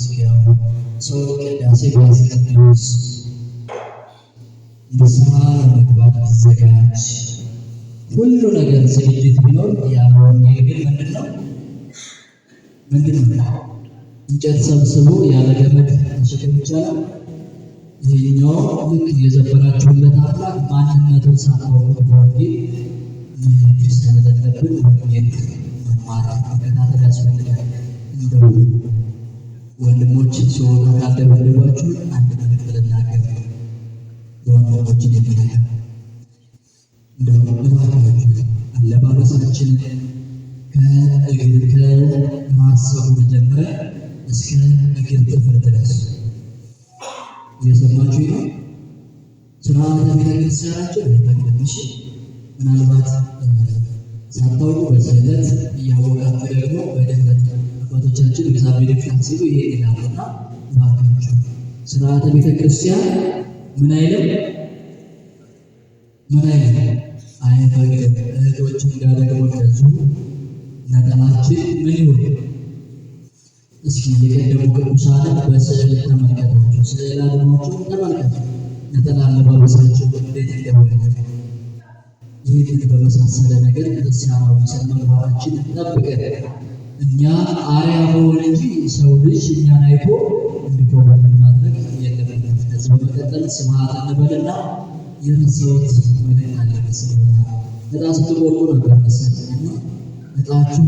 ስጋው ሶስት ቅዳሴ በስቅዱስ ምሳ ለመግባት ቢዘጋጅ ሁሉ ነገር ዝግጅት ቢኖር ያለውን ይህ ግን ምንድን ነው? ምንድን ነው? እንጨት ሰብስቦ ያለ ገመድ መሸከም ይቻላል። ይህኛው ልክ የዘፈራችሁለት አምላክ ማንነቱን ሳታውቁ በወንጌል ስለሌለብን ወንጌል መማር መከታተል ያስፈልጋል። እንደው ወንድሞች ሲሆኑ ካልደበደባችሁ አንድ መልዕክት ልናገር የወንድሞችን የሚናገር እንደውም እባካችሁ አለባበሳችንን ከእግር ከማሰቡ ጀምረ እስከ እግር ጥፍር ድረስ እየሰማችሁ ነው። ስርዓት ቤተክርስቲያናቸው ለመቅደሽ ምናልባት ሳታውቁ በስህተት እያወቃችሁ ደግሞ በድፍረት አባቶቻችን እግዚአብሔር ቤተክርስቲያን ሲሉ ይሄ ይላሉና ባካቸው ስርዓተ ቤተክርስቲያን ምን አይልም ምን አይልም አይፈቅድም። እህቶች እንዳደግሞ እንደዚሁ ነጠላችን ምን ይሁን እስኪ የቀደሙ ቅዱሳንን በስዕል ተመልከቷቸው፣ ስዕል አድማቸው ተመልከቱ። ነጠላ አለባበሳቸው እንዴት እንደወደደ ይህንን በመሳሰለ ነገር ክርስቲያናዊ ስነ ጠብቀን እኛ አርያ ሆን እንጂ ሰው ልጅ እኛን አይቶ እንዲኮበል ማድረግ የለብንም። ከዚህ በመቀጠል ስማት እንበልና የረሳሁት መልእክት አለ ስትቆሉ ነበር መሰለኝ ይወጣል። መጽሐፍ እሱን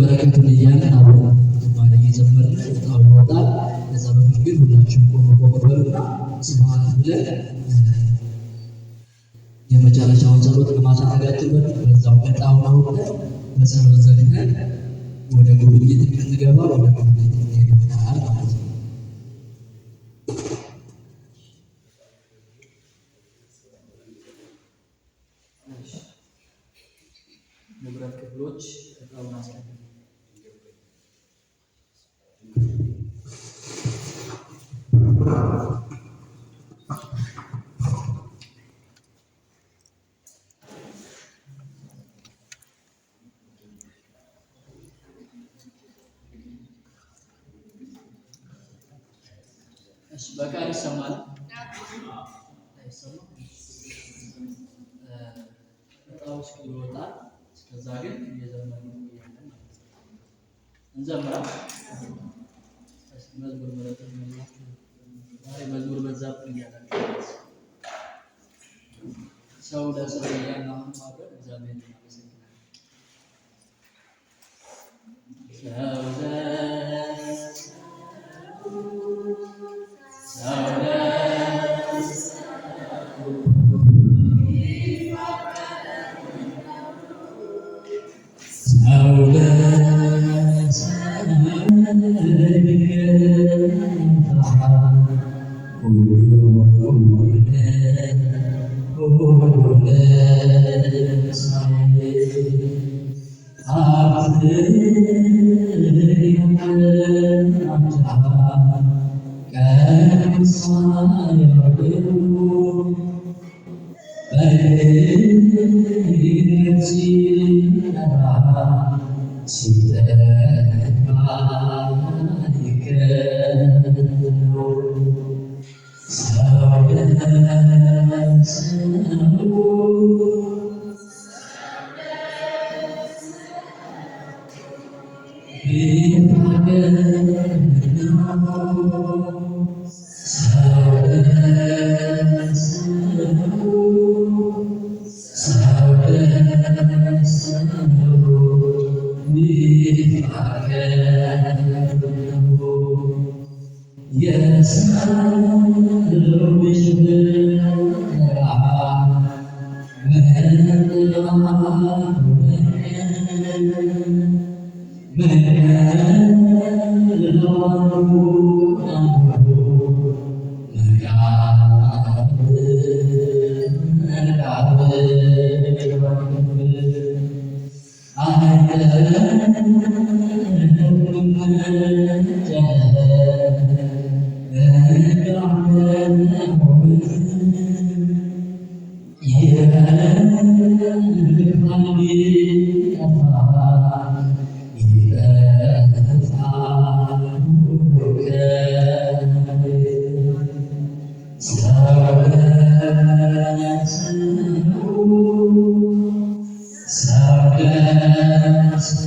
በረከቱን ይወጣል። ከዛ በፊት ግን ሁላችሁም ቆመ ብለን የመጨረሻውን ጸሎት በማሳረጋችበት በዛው ቀጣ ሆነ በጸሎት ዘግተን ወደ ጉብኝት የምንገባ ወደ ጉብኝት ይሆናል ማለት ነው። ክፍሎች አስከፍል መፈቃሪ ይሰማል። እጣው እስኪ ይወጣ እስከዛ ግን እየዘመኑ እንዘምራ መዝሙር መረጥ ዛሬ መዝሙር በዛብህ እያለ ሰው ለሰው እያለ ማድረግ እግዚአብሔር እናመሰግናለን። ሰው Amen. See Sita Thank you. Blessed.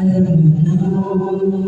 I know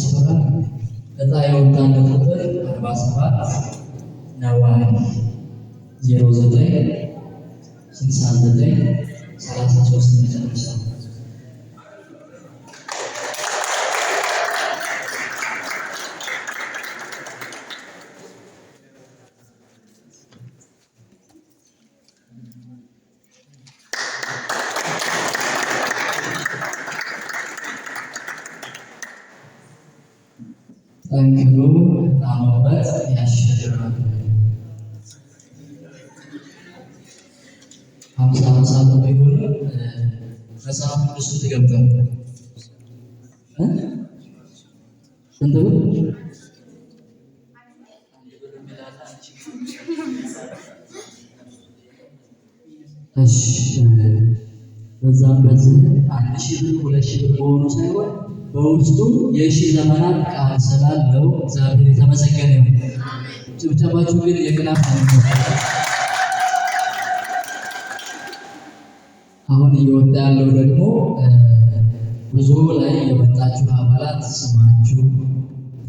ስፍራ እጣ የወጣለ ቁጥር 47 ነዋይ 09 69 33 መጨረሻ በእንግዱ አሞበት ያሸድራል። ሀምሳ ሀምሳ ቢሆን መጽሐፍ ቅዱስ ትገብጠው ስንት እሺ፣ በዛም በዚህ አንድ ሺህ ብር ሁለት ሺህ ብር በሆኑ ሳይሆን በውስጡ የሺህ ዘመናት ቃል ስላለው እግዚአብሔር የተመሰገነ ነው። ጭብጨባችሁ ግን የቅናት ነው። አሁን እየወጣ ያለው ደግሞ ብዙ ላይ የመጣችሁ አባላት ስማችሁ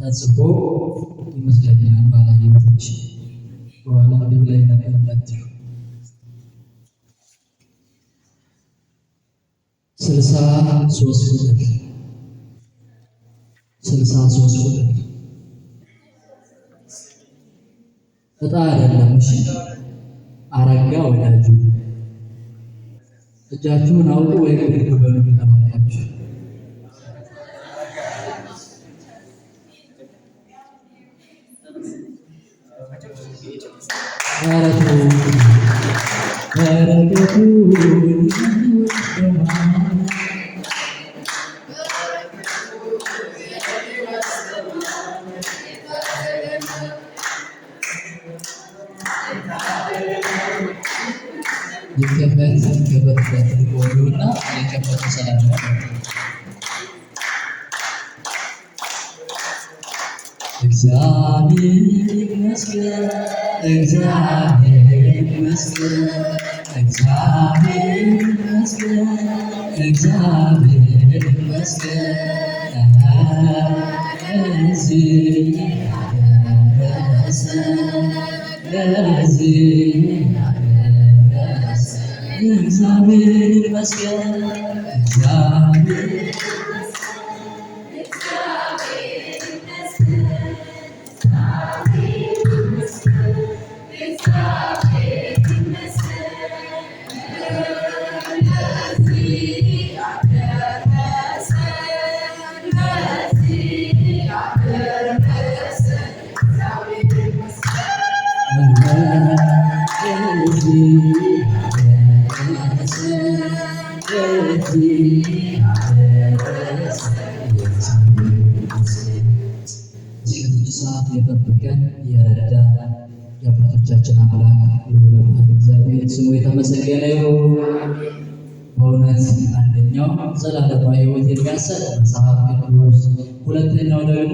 ተጽፎ ይመስለኛል። ባላየቶች በኋላ ምግብ ላይ ነበርላችሁ ስልሳ ሶስት ቁጥር ስልሳ ሶስት እጣ አይደለም። እሺ አረጋ ወዳጁ እጃችሁን አውጡ ወይ ግድግ በሉ ለማለች ረቱ ረቱ እግዚአብሔር ይመስገን፣ እግዚአብሔር ይመስገን፣ እግዚአብሔር ይመስገን፣ እግዚአብሔር ይመስገን ለዚህ ሰዓት የጠበቀን የረዳ የአባቶቻችን አምላክ ልዑል እግዚአብሔር ስሙ የተመሰገነ ይሁን። በእውነት አንደኛው ዘላለማዊ ሕይወት የሚያሰጥ መጽሐፍ ቅዱስ፣ ሁለተኛው ደግሞ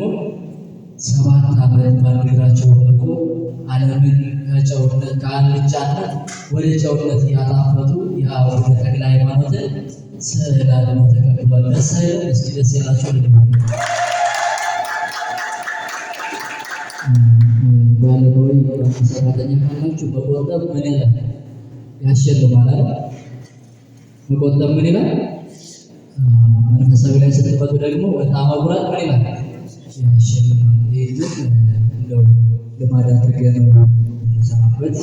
ሰባት ዓመት በአንድ እግራቸው ወድቆ ዓለምን ከጨውነት ከአልጫነት ወደ ጨውነት ያላፈቱ የአቡነ ተክለ ሃይማኖትን ስዕል አድኖ ተቀብሏል። መሰለ እስኪ ደስ ያላቸው ልድማ ባለሙያዊ ሰራተኛ ካላችሁ መቆጠብ ምን ይላል? ያሸልማል አይደል? መቆጠብ ምን ይላል? መንፈሳዊ ላይ ስትመጡ ደግሞ ወጣ መጉራት ምን ይላል? ያሸልማል። ይህንን ልማድ አድርገን ነው የምንሰራበት።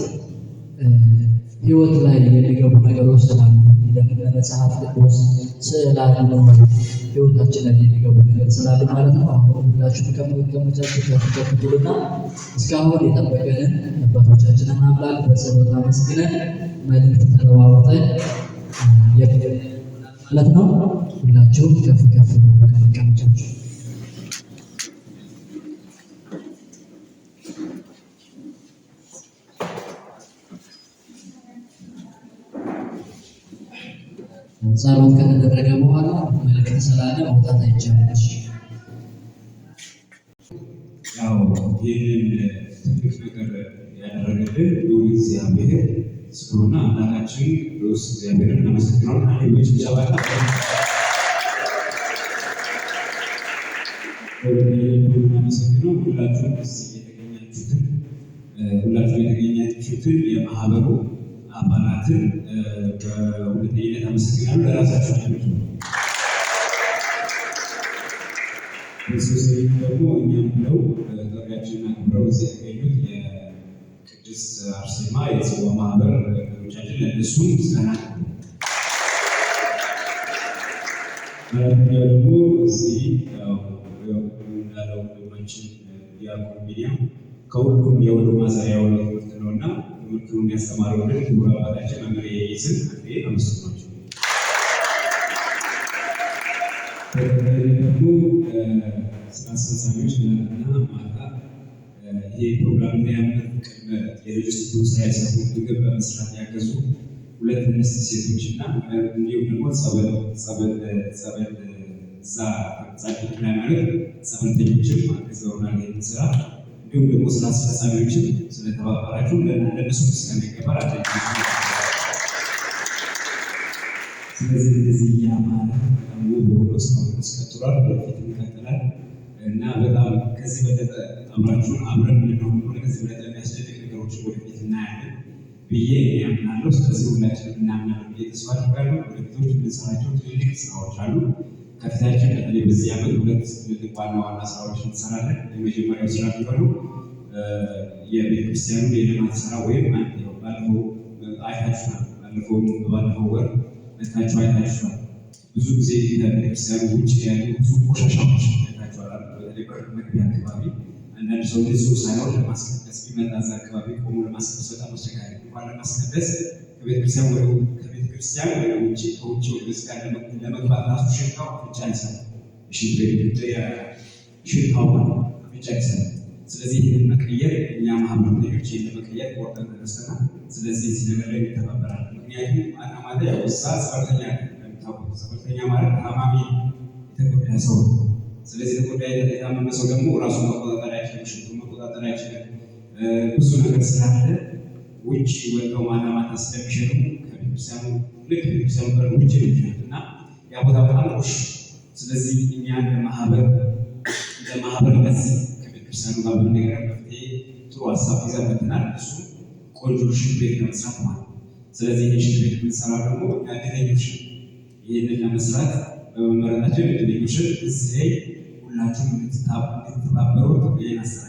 ህይወት ላይ የሚገቡ ነገሮች ስላሉ ለመጽሐፍ ቅዱስ ስዕል ነው ህይወታችን ላይ የሚገቡ ነገር ስላለ ማለት ነው። አሁን ሁላችሁ ከመቀመጫችሁ ከፍትከፍትሉና እስካሁን የጠበቀንን አባቶቻችንን አምላክ በጸሎት አመስግነን መልእክት የፍ ማለት ነው። ሁላችሁም ከፍ ከፍ መቀመጫችሁ ጸሎት ከተደረገ በኋላ መልእክት ስላለ መውጣት አይቻለች። ያው ይህን ትልቅ ነገር ያደረገልን ልዑል እግዚአብሔር ስለሆነ አምላካችን ልዑል እግዚአብሔርን እናመሰግናለን። ሌሎች ጫባታ እናመሰግነው ሁላችሁም እዚህ የተገኛችሁትን ሁላችሁም የተገኛችሁትን የማህበሩ አባላትን በሁለተኝነት አመሰግናለሁ። ለራሳቸው አይነት በሶስተኛ ደግሞ እኛም ብለው ጥሪያችንን አክብረው እዚህ ያገኙት የቅድስት አርሴማ የጽዋ ማህበር ነገሮቻችን ለእነሱ ምስጋና አራተኛው ደግሞ እዚህ እንዳለው ወንድማችን ዲያቆን ሚዲያ ከሁሉም የሁሉ ማሰሪያ ነው እና ልጆቹ የሚያስተማረው ደ አባታችን መምህር የይዝን አንዴ አመስግናቸው ደግሞ ስራ አስፈጻሚዎች እና ማታ ይህ ፕሮግራም ያምር ቅድመ የሎጂስቲክ ስራ የሰሩ ምግብ በመስራት ያገዙ ሁለት እንስት ሴቶች እና እንዲሁም ደግሞ ጸበል ጸበል ጸበል እዛ ጸበል ላይ ማለት ጸበልተኞችን ማገዘውና ይህን ስራ እንዲሁም ደግሞ ስራ አስፈጻሚዎችን ስለተባበራችሁ ለእነሱ ስለሚገባል አለ። ስለዚህ እንደዚህ እያማረ ውብ ሆኖ እስካሁን ድረስ ቀጥሏል፣ በፊት ይቀጥላል እና በጣም ከዚህ በለጠ አምራችሁ አብረን እንደሆነ ከዚህ በለጠ የሚያስደንቅ ነገሮች ወደፊት እናያለን ብዬ ያምናለሁ። ስለዚህ ሁላችን እናምናለን ብዬ ተስፋ አድርጋለሁ። ወደፊቶች የምንሰራቸው ትልልቅ ስራዎች አሉ። ከፊታችን በተለይ በዚህ ዓመት ሁለት ትልልቅ ዋና ዋና ስራዎች እንሰራለን። የመጀመሪያው ስራ የሚሆነው የቤተክርስቲያኑ የልማት ስራ ወይም ባለፈው አይታችኋል፣ ባለፈው ባለፈው ወር መታችሁ አይታችኋል። ብዙ ጊዜ ከቤተክርስቲያኑ ውጭ ያሉ ብዙ ቆሻሻዎች አይታችኋል። በተለይ መግቢያ አካባቢ አንዳንድ ሰው ልሱ ሳይሆን ለማስቀደስ ቢመጣ እዛ አካባቢ ቆሞ ለማስቀደስ በጣም አስቸጋሪ እንኳን ለማስቀደስ ከቤተክርስቲያን ወደ ቤተክርስቲያን ወደ ውጭ ከውጭ ወደ ቤተክርስቲያን ለመግባት ራሱ ሽታው አፍንጫ ይሰማል። ሽታው አፍንጫ ይሰማል። ስለዚህ ይህንን መቀየር እኛ ማህበር ሌሎች ለመቀየር ቆርጠን ተነስተናል። ስለዚህ እዚህ ነገር ላይ እንተባበራለን። ምክንያቱም አና ማለት ያው ሰራተኛ እንደሚታወቁ ሰራተኛ ማለት ታማሚ የተጎዳ ሰው ነው። ስለዚህ የተጎዳ የታመመ ሰው ደግሞ ራሱን መቆጣጠር አይችልም፣ ሽቱን መቆጣጠር አይችልም። ብዙ ነገር ስላለ ውጭ ወጣው ማታ ማታ ስለሚሸጡ ከቤተክርስቲያኑ ልክ ቤተክርስቲያኑ በር ውጭ ይችላል እና ያ ቦታ በጣም ቁሽ። ስለዚህ እኛ እንደ ማህበር እንደ ማህበር በዚህ ከቤተክርስቲያኑ ጋር ብንነገር መፍትሄ ጥሩ ሀሳብ ይዘን መጥተናል። እሱ ቆንጆ ሽንት ቤት ለመስራት ማለት ነው። ስለዚህ ይህ ሽንት ቤት የምንሰራ ደግሞ ለእድለኞች ይህንን ለመስራት በመመረጣቸው እድለኞችን እዚህ ላይ ሁላችሁም እንድትተባበሩ ይህን አሰራ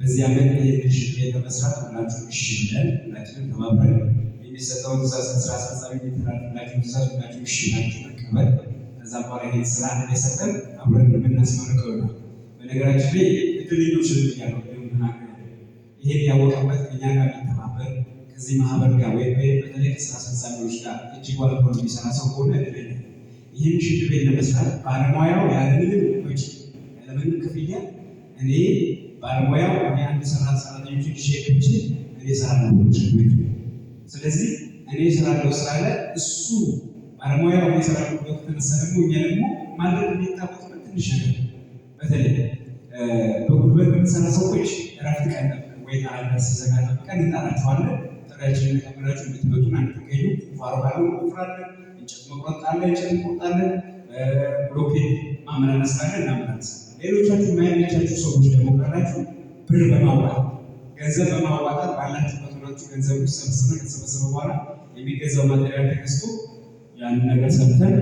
በዚህ ዓመት ይህንን ሽግግር ለመስራት ሁላችሁ እሺ ብለን ሁላችንም ተባብረን የሚሰጠውን ትእዛዝ ስራ አስፈጻሚ ሚትራል ሁላችሁም ትእዛዝ ሁላችሁ እሺ ብላችሁ መቀበል ከዛ በኋላ ይህን ስራ እንደሰጠን አብረን የምናስመርቀው ነው። በነገራችን ላይ እድልኞች ያለ ይሄን ያወቀበት እኛ ጋር የሚተባበር ከዚህ ማህበር ጋር ወይም በተለይ ከስራ አስፈጻሚዎች ጋር እጅግ ዋልኮ የሚሰራ ሰው ከሆነ እድለኛ ይህን ቤት ለመስራት ባለሙያው ያለምንም ወጪ ያለምንም ክፍያ እኔ ባለሙያው አንድ ስራ ሰራተኞችን ሼፕች እኔ ሰራለሁ። ስለዚህ እኔ ሰራለሁ ስላለ እሱ ባለሙያው እኔ ሰራለሁ ከተነሳ ደግሞ እኛ ደግሞ ማድረግ የሚታወቅ ትንሽ ነገር በተለይ በጉልበት የምንሰራ ሰዎች እረፍት ቀን ነበር ወይ አለበት ሲዘጋ ጠብቀን እንጠራቸዋለን። ጥሪያችንን ቀብላችሁ እንድትመጡን አንድገኙ ፋሮ ባለ እንጨት መቁረጥ አለ፣ እንጨት እንቆርጣለን፣ ብሎኬት ማመላለስ ካለ እናመላለሳለን። ሌሎቻችሁ ማይመቻችሁ ሰዎች ደግሞ ካላችሁ ብር በማዋጣት ገንዘብ በማዋጣት ባላችሁበት ሆናችሁ ገንዘቡ ሰብስበ ከተሰበሰበ በኋላ የሚገዛው ማቴሪያል ተገዝቶ ያንን ነገር ሰብተን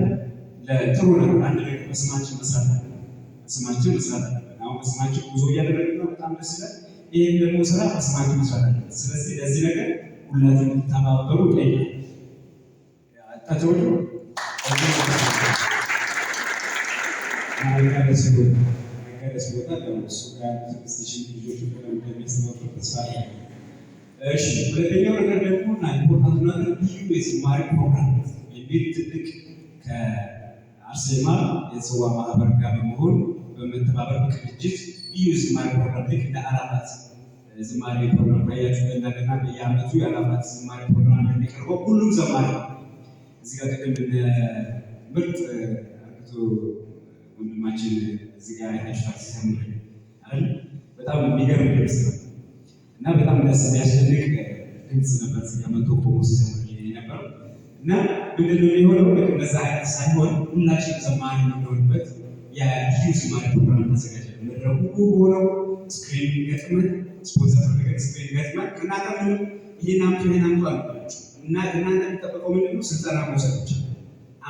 ለጥሩ ነገር አንድ ነገር በስማችን መስራት አለ በስማችን መስራት አለ። አሁን በስማችን ጉዞ እያደረግን ነው። በጣም ደስ ይላል። ይህም ደግሞ ስራ በስማችን መስራት አለ። ስለዚህ ለዚህ ነገር ሁላችሁ ተባበሩ ጠይቃል አጣቸው የሚጠቀስ ቦታ ለእሱ ጋር ስድስት ልጆች እንደሚያስተባብር ተስፋ አለ። እሺ ሁለተኛው ነገር ደግሞ እና ኢምፖርታንቱ ነገር ብዙ የዝማሬ ፕሮግራም የሚል ትልቅ ከአርሴማ የጽዋ ማህበር ጋር በመሆን በመተባበር ቅንጅት ልዩ የዝማሬ ፕሮግራም ልክ እንደ አራፋት ዝማሬ ፕሮግራም ባያችሁ እንደገና በየአመቱ የአራፋት ዝማሬ ፕሮግራም የሚቀርበው ሁሉም ዘማሪ እዚህ ጋር ቅድም ምርጥ አቶ ወንድማችን እዚህ ጋር ያሽፋል ሲሰምር አይደል? በጣም የሚገርም ድምፅ ነው እና በጣም ደስ የሚያስደንቅ ድምፅ ነበር። እዚህ ጋር መቶ ቆሞ ሲሰምር ነበረው እና ምንድነው የሆነው በዛ አይነት ሳይሆን ሁላችን ዘማሪ የምንሆንበት የዩ ዝማሬ ፕሮግራም ተዘጋጀ። መድረኩ ሆነው ስክሪን ገጥመን ስፖንሰር ተደረገ ስክሪን ገጥመን ከእናንተ ምንም ይሄን አምጡ ይሄን አልባቸው እና እናንተ የሚጠበቀው ምንድነው ስልጠና መውሰድ ብቻ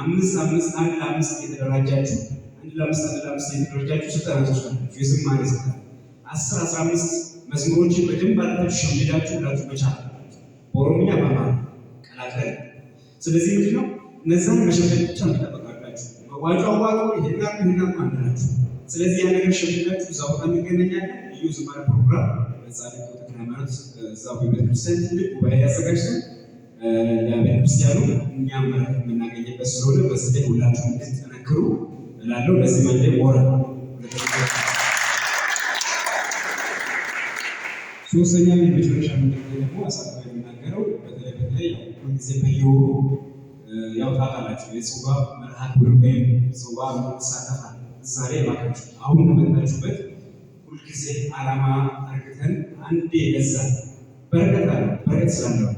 አምስት አምስት አንድ ለአምስት የተደራጃችሁ ለምሳሌ ለምሳሌ ተወዳጁ ስታውቁ የዝማሬ ስታ አስር አስራ አምስት መዝሙሮችን በደንብ አድርጋችሁ ሸምዳችሁ ብላችሁ መቻል በኦሮምኛ በማ ቀላቀል። ስለዚህ ምንድን ነው እነዛን መሸፈን ብቻ የሚጠበቅባችሁ መዋጮ አዋቀ ይሄና ይሄና አንዳችሁ። ስለዚህ ያ ነገር ሸምዳችሁ እዛ ቦታ እንገናኛለን። ልዩ ዝማሬ ፕሮግራም በዛ ላይ ሃይማኖት እዛ ቤተክርስቲያን ትልቅ ጉባኤ ያዘጋጅተን ለቤተክርስቲያኑ እኛም የምናገኝበት ስለሆነ በዚህ ሁላችሁ እንድትጠነክሩ እላለሁ። በዚህ መንገድ ሞረ ሶስተኛ የመጨረሻ መንገድ ደግሞ አሳልፈ የሚናገረው በተለይ በተለይ ሁልጊዜ በየወሩ ያው ታውቃላችሁ የጽዋ መርሃ ግብር ወይም ጽዋ ምንሳተፋል ምሳሌ ማለት አሁን በመጣችሁበት ሁልጊዜ አላማ አርግተን አንዴ ገዛ በረከት አለ በረከት ስላለው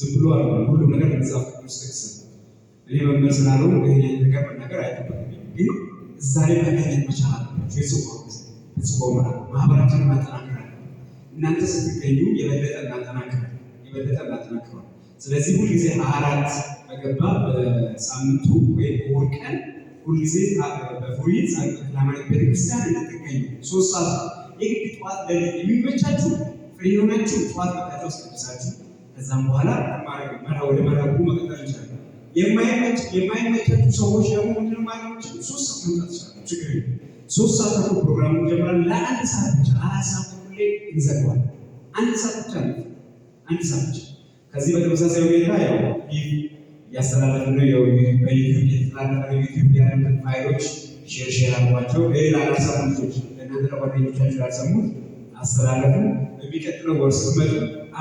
ዝም ብሎ አለ ሁሉ ነገር መጽሐፍ ቅዱስ ጥቅስ እኔ መመዝናለው ይህ ነገር መናገር አይጠበቅም ግን ዛሬ መገኘት መቻል አለባቸው። የጽዋ የጽዋ ምራ ማህበራችን ማጠናክራል። እናንተ ስትገኙ የበለጠ እናጠናክራል፣ የበለጠ እናጠናክራል። ስለዚህ ሁልጊዜ አራት በገባ በሳምንቱ ወይም በወር ቀን ሁልጊዜ በፉሪት ላማለት ቤተክርስቲያን እንዳትገኙ ሶስት ሰዓት የግድ ጠዋት ለ የሚመቻችሁ ፍሬ የሆናችሁ ጠዋት መቃጫ ውስጥ ቅዱሳችሁ ከዛም በኋላ ማድረግ ወደ መራቡ መቀጠል ይችላል። የማይመቻቸው ሰዎች ደግሞ ምንድን ማለት ሶስት ሰዓት ሶስት ፕሮግራም እንጀምራለን። ለአንድ ሰዓት ብቻ አራት ሰዓት ሁሌ እንዘግባለን። አንድ ሰዓት ብቻ አንድ ሰዓት ብቻ። ከዚህ በተመሳሳይ ሁኔታ ያው ይህ ያስተላለፍ ነው። ያው በዩቲዩብ የተላለፈ ዩቲዩብ ያለንን ፋይሎች ሼር ሼር አድርጓቸው ለሌላ አላሳብ ልጆች ለእናንተ ለጓደኞቻችሁ ያልሰሙት አስተላለፍን። በሚቀጥለው ወር ስትመጡ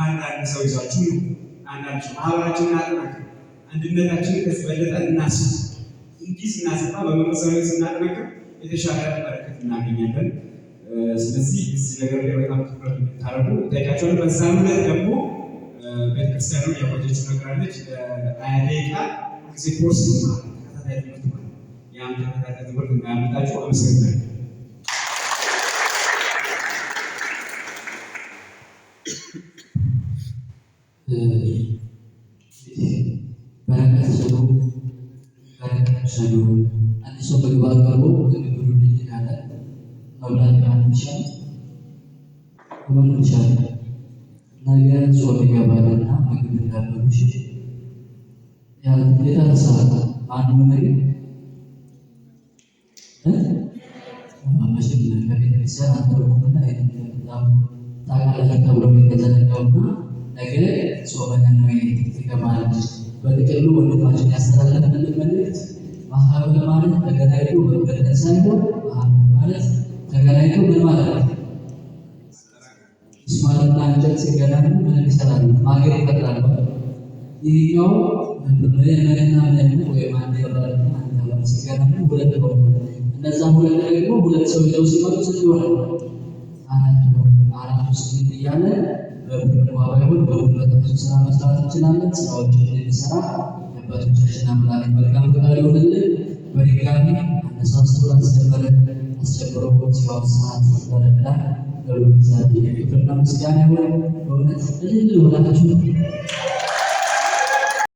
አንዳንድ ሰው ይዛችሁ ነው አንዳንድ ማህበራችንን አጥናክሩ አንድነታችንን ከዚህ በለጠ እናስብ። እንዲህ ስናሰፋ በመመሰረ ስናጠናክር የተሻለ በረከት እናገኛለን። ስለዚህ እዚህ ነገር ላይ በጣም ትኩረት እንድታደርጉ ጠይቃቸዋለሁ። በዛምነት ደግሞ ቤተክርስቲያኑ ያቆየችው ነገራለች ሀያ ጊዜ ኮርስ ተከታታይ ትምህርት ማለት ያን ተከታታይ ትምህርት አመሰግናለሁ። በረከት ስሩ፣ አንድ ሰው ምግብ አቅርቦ ግንግሉ ልጅናለ መብላት ማን ይችላል? ምን ጾም ይገባልና ምግብ እንዳበሉ ሽ የተነሳት ማን ምግብ ከቤተክርስቲያን አንተረኩምና በጣም ታቃለህ ተብሎ የተዘነጋውና ነገ ጾመ ነነዌ ትገባለች። በጥቅሉ ወንድማችን ያስተላለፍንን መልእክት ማህበር ማለት ተገናኝቶ መበተን ሳይሆን ማህበር ማለት ተገናኝቶ ምን ማለት ነው? ሚስማርና እንጨት ሲገናኙ ምን ይሰራሉ? ማገር ይፈጥራሉ። ይህኛው መሪና ምንም ወይም አንድ ባለና አንድ ባለ ሲገናኙ ሁለት ሆነ። እነዛ ሁለት ደግሞ ሁለት ሰው ይዘው ሲመጡ ስንት ሆነ? አራት ሆነ። አራት ውስጥ እያለ በርግጥ ባይሆን በሁለት ብዙ ስራ መስራት እንችላለን። ስራዎች እንድንሰራ አባቶቻችን አምላክ መልካም ፈቃድ ይሆንልን። በድጋሚ አነሳስቶ ላስጀመረን አስጀምሮ ስራውን ሰዓት ስለረዳ ለሁሉ እግዚአብሔር ክብርና ምስጋና ይሁን። በእውነት እልል ብላችሁ